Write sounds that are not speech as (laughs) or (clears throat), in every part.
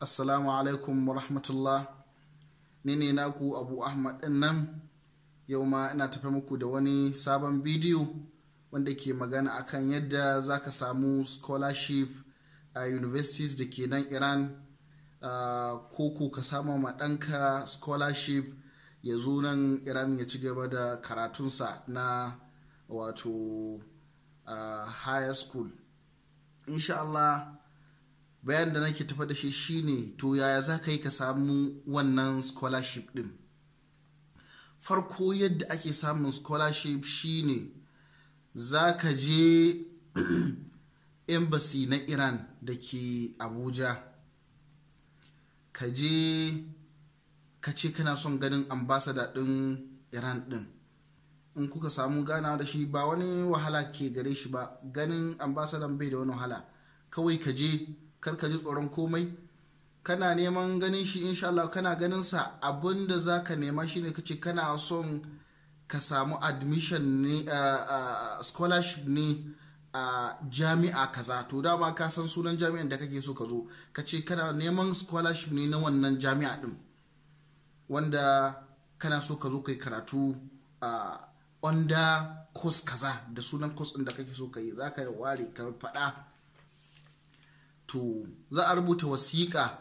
assalamu alaikum wa rahmatullah ni ne naku abu ahmad din nan yau ma ina tafi muku da wani sabon bidiyo wanda ke magana akan yadda za ka samu scholarship a universities da ke nan iran ko ku ka samu ma scholarship ya zo nan iran ya ci gaba da karatunsa na wato higher school insha bayan da nake tafa da shi shine to yaya za ka yi ka samu wannan scholarship din farko yadda ake samun scholarship shine za ka je (clears throat) embassy na iran da ke abuja ka je ka ce kana son ganin ambasada din iran din in kuka samu gana da shi ba wani wahala ke gare shi ba ganin ambasadan bai da wani wahala kawai ka je kar ka ji tsoron komai kana neman ganin shi insha kana ganin sa abinda da za ka nema shi shine kace kana son ka samu admission ne scholarship ne a jami'a kaza to dama ka san sunan jami'an da kake so ka zo ka ce kana neman scholarship ne na wannan jami'a din wanda kana so ka zo kai karatu a under course kaza da sunan course din da kake so ka yi za ka yi ware ka faɗa to za a rubuta wasiƙa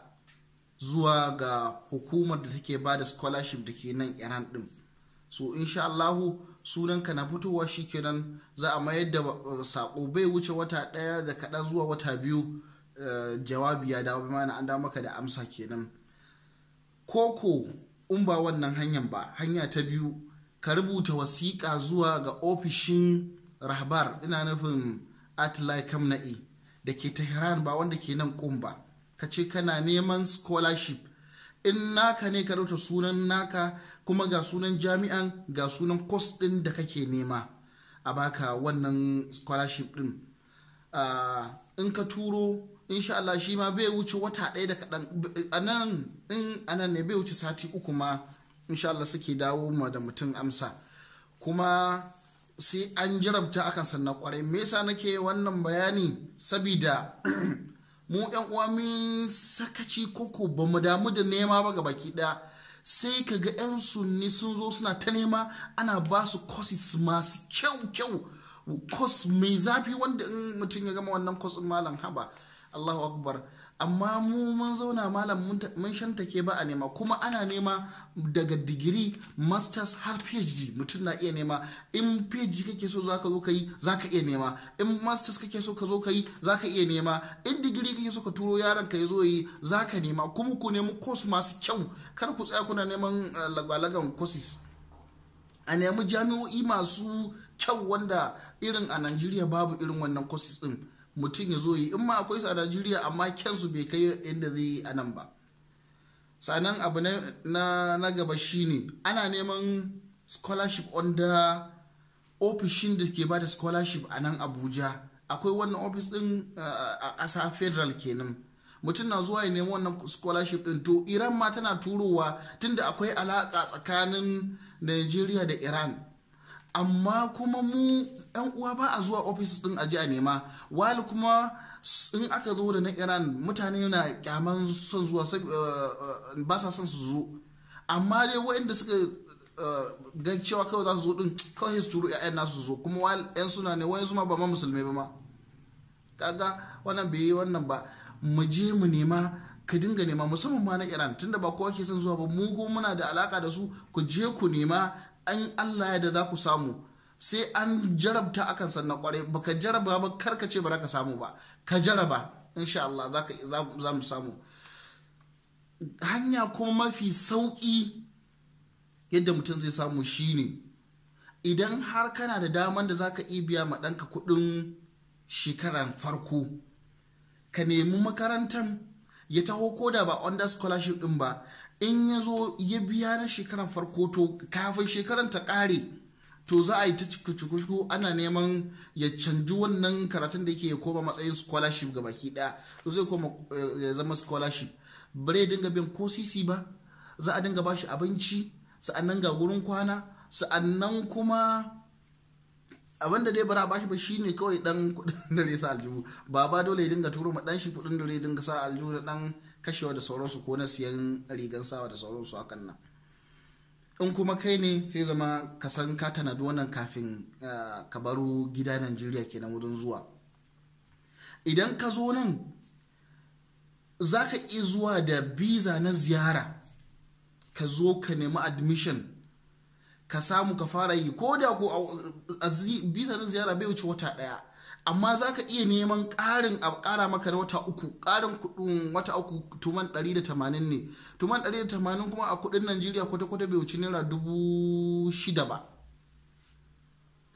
zuwa ga hukumar da take ba da scholarship da ke nan iran din so insha allahu sunanka na fitowa shikenan za a mayar da eh, sako bai wuce wata ɗaya da kaɗan zuwa wata biyu eh, jawabi ya dawo mana an dawo maka da amsa kenan koko in ba wannan hanyar ba hanya ta biyu ka rubuta wasiƙa zuwa ga ofishin rahbar ina nufin atlai kamna'i da ke tehran ba wanda ke nan kum ba ka ce kana neman scholarship in naka ne ka rauta sunan naka kuma ga sunan jami'an ga sunan course din da kake nema a baka wannan scholarship din in ka turo insha Allah shi ma bai wuce wata ɗaya da kaɗan nan in nan ne bai wuce sati uku ma insha Allah suke dawo ma da mutum amsa kuma sai an jarabta akan sannan kwarai me yasa nake wannan bayani sabida (clears throat) mu yan uwa min sakaci koko ba mu damu da nema ba baki ɗaya sai ka ga yan sunni sun zo suna ta nema ana ba su courses masu kyau kyau course mai zafi wanda in mutum ya gama wannan course malam haba Allahu akbar amma mu mun zauna malam mun ke ba a nema kuma ana nema daga digiri masters har phd mutum na iya nema in phd kake so zaka zo ka yi zaka iya nema in masters kake so ka zo ka yi zaka iya nema in digiri kake so ka turo yaron ka zo yi zaka nema kuma ku nemi course masu kyau kar ku tsaya kuna neman eh, lagwalagan courses a nemi jami'o'i masu kyau wanda irin a Najeriya babu irin wannan courses din mutum ya zo yi in ma akwai su a najeriya amma kyansu bai kai inda zai yi a nan ba sannan abu na gaba shine ana neman scholarship under ofishin da ke bada scholarship a nan abuja akwai wannan ofis din a ƙasa federal kenan mutum na zuwa ya nemi wannan scholarship din to iran ma tana turowa tunda akwai alaƙa tsakanin nigeria da iran amma kuma mu yan uwa ba a zuwa ofis din aji a nema wali kuma in aka zo da na iran mutane na kyaman son zuwa eh, eh, ba sa son su zo amma dai inda suka eh, ga cewa kawai za su zo din kawai su turu 'ya'yan nasu zo kuma yan suna ne wani ma ba ma musulmai ba ma kaga wannan bai yi wannan ba mu je mu nema ka dinga nema musamman ma na iran tunda ba kowa ke son zuwa ba mu muna da alaka da su ku je ku nema an Allah ya da za ku samu sai an jarabta akan sannan kwarai baka jaraba ba kar ce ba za ka samu ba ka jaraba insha Allah za mu samu hanya kuma mafi sauƙi yadda mutum zai samu shi ne idan har kana da daman da za ka biya ma ɗanka kuɗin shekaran farko ka nemi makarantar ya taho koda ba under scholarship ɗin ba in ya zo ya biya na shekaran farko to kafin shekaran ta ƙare to za a yi ta cikakku ana neman ya canji wannan karatun da yake ya koma matsayin scholarship ga baki ɗaya to zai koma eh, ya zama scholarship bare dinga bin ko sisi ba za a dinga bashi abinci sa'annan ga gurin kwana sa'annan kuma abin da dai bara ba shi ba shine kawai dan kudin (laughs) da zai sa aljihu baba dole ya dinga turo ma dan shi kudin da zai dinga sa aljihu da dan kashewa da sauransu ko na siyan rigan sawa da sauransu hakan nan in kuma kai ne sai zama ka san ka tanadi wannan kafin ah, ka baro gida najeriya kenan wurin zuwa idan ka zo nan za ka iya zuwa da biza na ziyara ka zo ka nemi admission ka samu ka fara yi ko da ko a bisa na ziyara bai wuce wata daya amma za ka iya neman ƙarin a ƙara maka na wata uku ƙarin kuɗin wata uku tuman 180 ne tuman 180 kuma a kuɗin najeriya kwata-kwata bai wuce naira dubu shida ba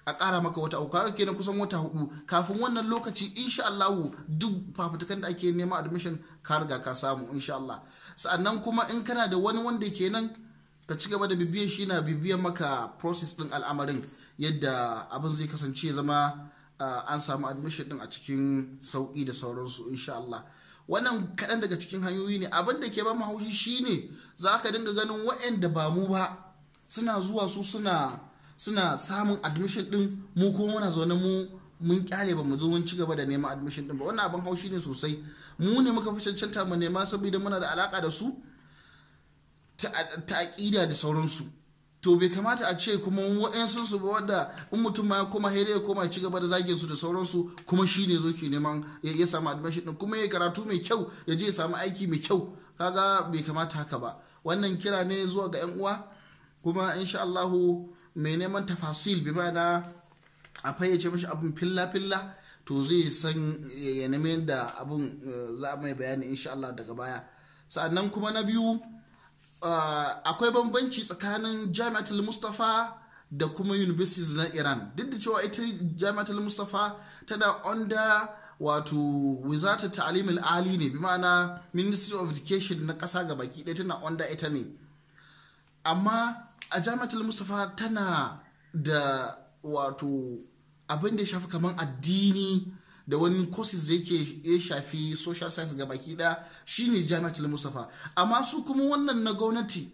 a ƙara maka wata uku kaga kenan kusan wata hudu kafin wannan lokaci insha Allah duk fafutukan da ake nema admission ka riga ka samu insha Allah sa'annan kuma in kana da wani wanda kenan ka ci gaba da bibiyan shi na bibiyan maka process din al'amarin yadda abin zai kasance zama an samu admission din a cikin sauki da sauransu insha Allah wannan kaɗan daga cikin hanyoyi ne abin da ke ba mu haushi shine za ka dinga ganin waɗanda ba mu ba suna zuwa su suna suna samun admission din mu ko muna zaune mu mun kyale ba mu zo mun ci gaba da neman admission din ba wannan abin haushi ne sosai mu ne muka fi cancanta mu nema saboda muna da alaka da su ta aƙida da sauransu to bai kamata a ce kuma wa'yansu su ba wadda in mutum ma ya koma haire ya koma ci gaba da zagin su da sauransu kuma shi ne zo ke neman ya samu admission din kuma ya karatu mai kyau ya je ya samu aiki mai kyau kaga bai kamata haka ba wannan kira ne zuwa ga yan uwa kuma insha Allahu mai neman tafasil bi na a fayyace mishi abin filla filla to zai san ya nemi da abin eh, za mai bayani insha Allah daga baya sa'annan kuma na biyu Ah, akwai bambanci tsakanin jami'atul mustafa da kuma universities na iran duk da cewa ita jami'atul mustafa tana onda wato wizata ta'alim ali ne bi ma'ana ministry of education na kasa ga baki ɗaya tana onda ita ne amma a jami'atul mustafa tana da wato abin da ya shafi kamar addini da wani courses da yake ya shafi social science ga baki shi shine jami'atul musafa amma su kuma wannan na gwamnati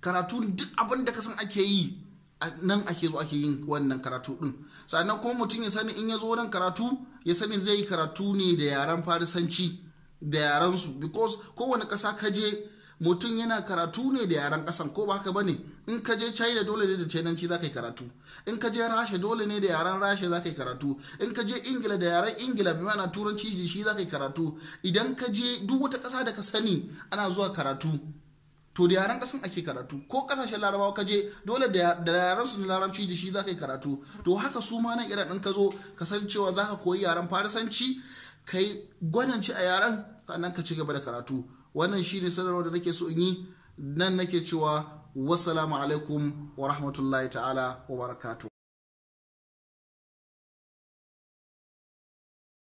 karatu duk abin da kasan ake yi nan ake zo ake yin wannan karatu din sannan kuma mutum ya sani in ya zo nan karatu ya sani zai yi karatu ne da yaren farisanci da yaren su because kowane kasa kaje je mutum yana karatu ne da yaren kasan ko ba haka bane in ka je china dole ne da chinanci za ka yi karatu in ka je rasha dole ne da yaren rasha za ka yi karatu in ka je ingila da yaren ingila bi mana turanci da shi za ka yi karatu idan ka je duk wata ƙasa da ka sani ana zuwa karatu to da yaren kasan ake karatu ko kasashen larabawa ka je dole da yaren su larabci da shi za ka yi karatu to haka su ma nan irin in ka zo ka san cewa za ka koyi yaren farisanci kai ci a yaren sannan ka ci gaba da karatu wannan shi ne sanarwa da nake so in yi nan nake cewa wasalamu alaikum wa rahmatullahi ta'ala wa barakatuh